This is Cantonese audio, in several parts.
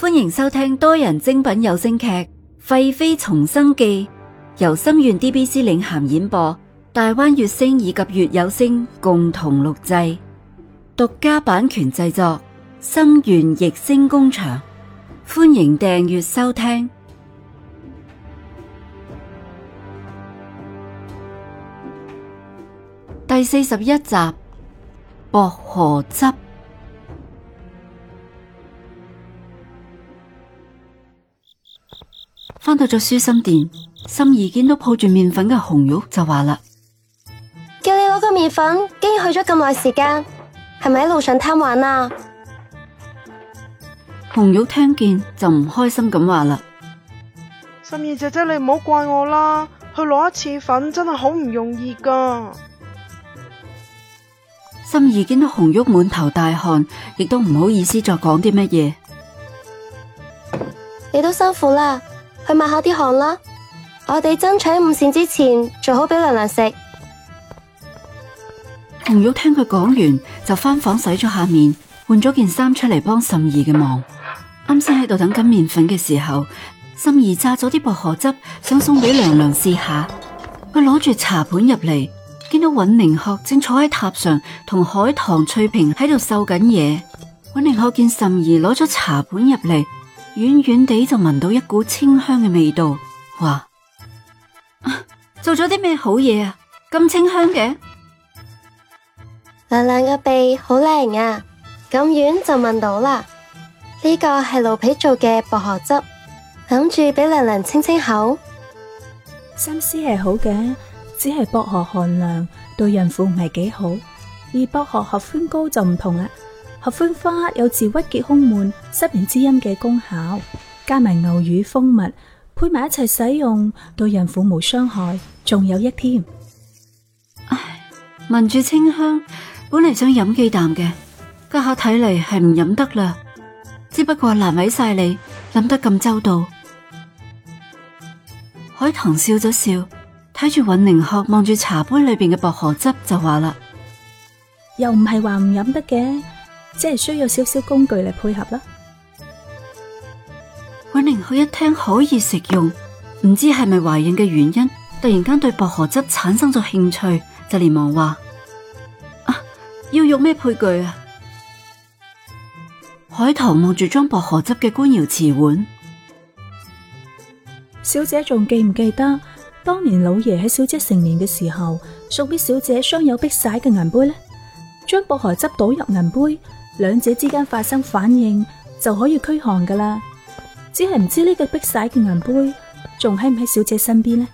歡迎收聽多人精品有聲劇《廢妃重生記》，由心願 DBC 領銜演播，大灣月星以及月有聲共同錄製，獨家版權製作，心願逸星工場。歡迎訂閱收聽第四十一集《薄荷汁》。翻到咗舒心殿，心怡見到抱住麵粉嘅紅玉就話啦：叫你攞個麵粉，竟然去咗咁耐時間，係咪喺路上貪玩啊？紅玉聽見就唔開心咁話啦：心怡姐姐姐，你唔好怪我啦，去攞一次粉真係好唔容易噶。心怡見到紅玉滿頭大汗，亦都唔好意思再講啲乜嘢，你都辛苦啦。去抹下啲汗啦！我哋爭取午膳之前，做好俾娘娘食。紅玉聽佢講完，就翻房洗咗下面，換咗件衫出嚟幫慎兒嘅忙。啱先喺度等緊麵粉嘅時候，慎兒榨咗啲薄荷汁，想送俾娘娘試下。佢攞住茶盤入嚟，見到尹寧鶴正坐喺榻上，同海棠翠萍喺度繡緊嘢。尹寧鶴見慎兒攞咗茶盤入嚟。遠遠地就聞到一股清香嘅味道，哇，做咗啲咩好嘢啊？咁、啊、清香嘅，娘娘嘅鼻好靈啊！咁遠就聞到啦。呢、這個係蘆皮做嘅薄荷汁，諗住俾娘娘清清口。心思係好嘅，只係薄荷寒涼，對孕婦唔係幾好，而薄荷合歡膏就唔同啦。合歡花有治鬱結胸悶、失眠滋陰嘅功效，加埋牛乳蜂蜜，配埋一齊使用，對孕婦無傷害，仲有益添。唉、哎，聞住清香，本嚟想飲幾啖嘅，家下睇嚟係唔飲得啦。只不過難為晒你諗得咁周到。海棠笑咗笑，睇住尹寧喝，望住茶杯裏邊嘅薄荷汁就話啦，又唔係話唔飲得嘅。即係需要少少工具嚟配合啦。韋寧佢，一聽可以食用，唔知係咪懷孕嘅原因，突然間對薄荷汁產生咗興趣，就連忙話：啊，要用咩配具啊？海棠望住裝薄荷汁嘅官窑瓷碗，小姐仲記唔記得當年老爺喺小姐成年嘅時候送俾小姐鑲有碧璽嘅銀杯呢？將薄荷汁倒入銀杯。兩者之間發生反應就可以驅寒噶啦，只係唔知呢個碧玺嘅銀杯仲喺唔喺小姐身邊呢？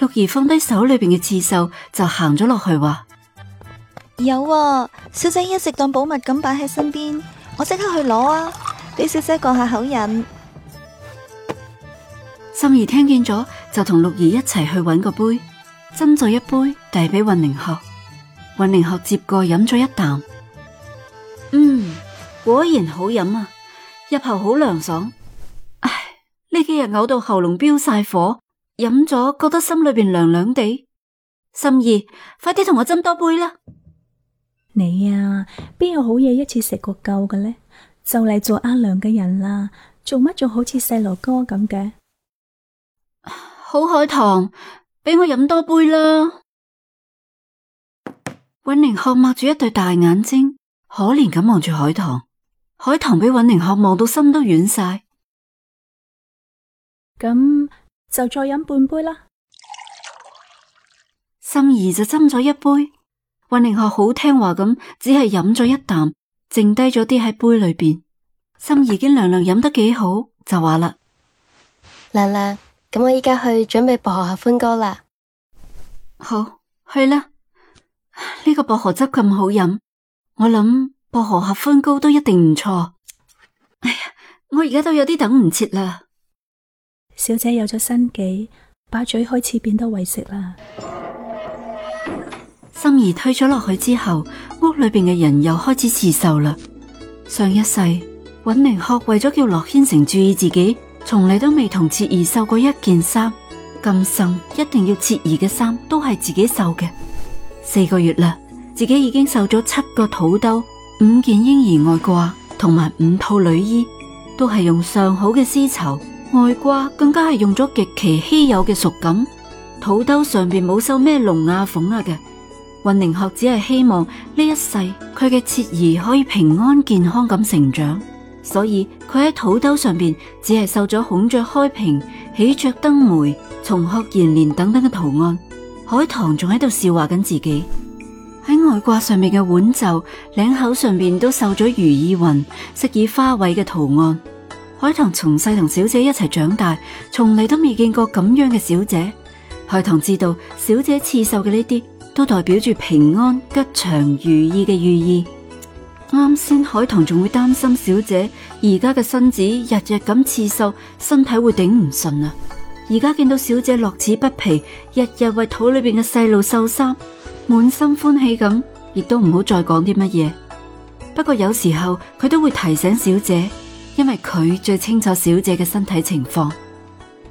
六兒放低手裏邊嘅刺繡就行咗落去話：有啊，小姐一直當寶物咁擺喺身邊，我即刻去攞啊，俾小姐過下口癮。心兒聽見咗就同六兒一齊去揾個杯斟咗一杯遞俾云寧喝。雲玲學接過飲咗一啖，嗯，果然好飲啊！入口好涼爽。唉，呢幾日嘔到喉嚨飆晒火，飲咗覺得心裏邊涼涼地。心兒，快啲同我斟多杯啦！你啊，邊有好嘢一次食過夠嘅呢？就嚟做阿娘嘅人啦，做乜仲好似細路哥咁嘅？好海棠，俾我飲多杯啦！尹寧鶴擘住一對大眼睛，可憐咁望住海棠。海棠俾尹寧鶴望到心都軟晒，咁就再飲半杯啦。心儀就斟咗一杯，尹寧鶴好聽話咁，只係飲咗一啖，剩低咗啲喺杯裏邊。心儀見娘娘飲得幾好，就話啦，娘娘，咁我依家去準備薄荷合歡歌啦。好，去啦。呢個薄荷汁咁好飲，我諗薄荷合歡膏都一定唔錯。哎呀，我而家都有啲等唔切啦。小姐有咗新計，把嘴開始變得為食啦。心兒推咗落去之後，屋裏邊嘅人又開始刺繡啦。上一世尹明鶴為咗叫洛千城注意自己，從嚟，都未同切兒繡過一件衫。今生一定要切兒嘅衫，都係自己繡嘅。四個月啦，自己已經繡咗七個肚兜、五件嬰兒外褂，同埋五套女衣，都係用上好嘅絲綢，外褂更加係用咗極其稀有嘅熟錦。肚兜上邊冇繡咩龍啊鳳啊嘅，雲寧學只係希望呢一世佢嘅切兒可以平安健康咁成長，所以佢喺肚兜上邊只係繡咗孔雀開屏、喜鵲登梅、松鶴延年等等嘅圖案。海棠仲喺度笑話緊自己，喺外褂上面嘅腕袖、領口上面都繡咗如意雲、飾以花卉嘅圖案。海棠從細同小姐一齊長大，從嚟都未見過咁樣嘅小姐。海棠知道小姐刺繡嘅呢啲都代表住平安、吉祥、如意嘅寓意。啱先海棠仲會擔心小姐而家嘅身子日日咁刺繡，身體會頂唔順啊！而家見到小姐樂此不疲，日日為肚裏邊嘅細路繡衫，滿心歡喜咁，亦都唔好再講啲乜嘢。不過有時候佢都會提醒小姐，因為佢最清楚小姐嘅身體情況。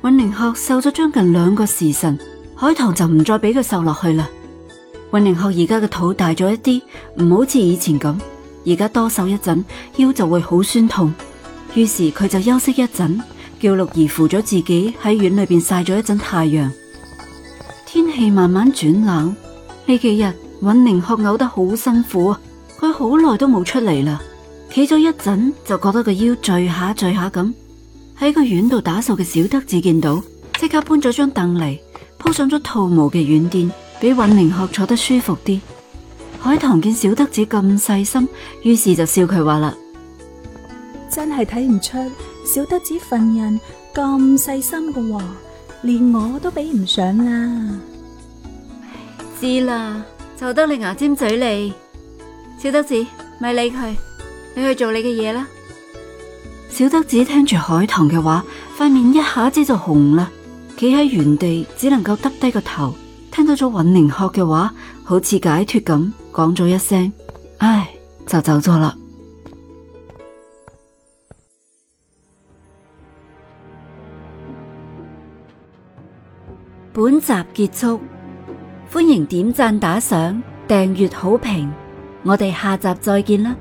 尹寧鶴繡咗將近兩個時辰，海棠就唔再俾佢繡落去啦。尹寧鶴而家嘅肚大咗一啲，唔好似以前咁，而家多繡一陣腰就會好酸痛，於是佢就休息一陣。叫六兒扶咗自己喺院裏邊曬咗一陣太陽，天氣慢慢轉冷。呢幾日尹寧學嘔得好辛苦，佢好耐都冇出嚟啦。企咗一陣就覺得個腰墜下墜下咁。喺個院度打掃嘅小德子見到，即刻搬咗張凳嚟鋪上咗兔毛嘅軟墊，俾尹寧學坐得舒服啲。海棠見小德子咁細心，於是就笑佢話啦：真係睇唔出。小德子份人咁細心嘅，連我都比唔上啦。知啦，就得你牙尖嘴利，小德子咪理佢，你去做你嘅嘢啦。小德子聽住海棠嘅話，塊面一下子就紅啦，企喺原地只能夠耷低個頭。聽到咗尹玲鶴嘅話，好似解脫咁，講咗一聲唉，就走咗啦。本集結束，歡迎點讚打賞、訂閱好評，我哋下集再見啦！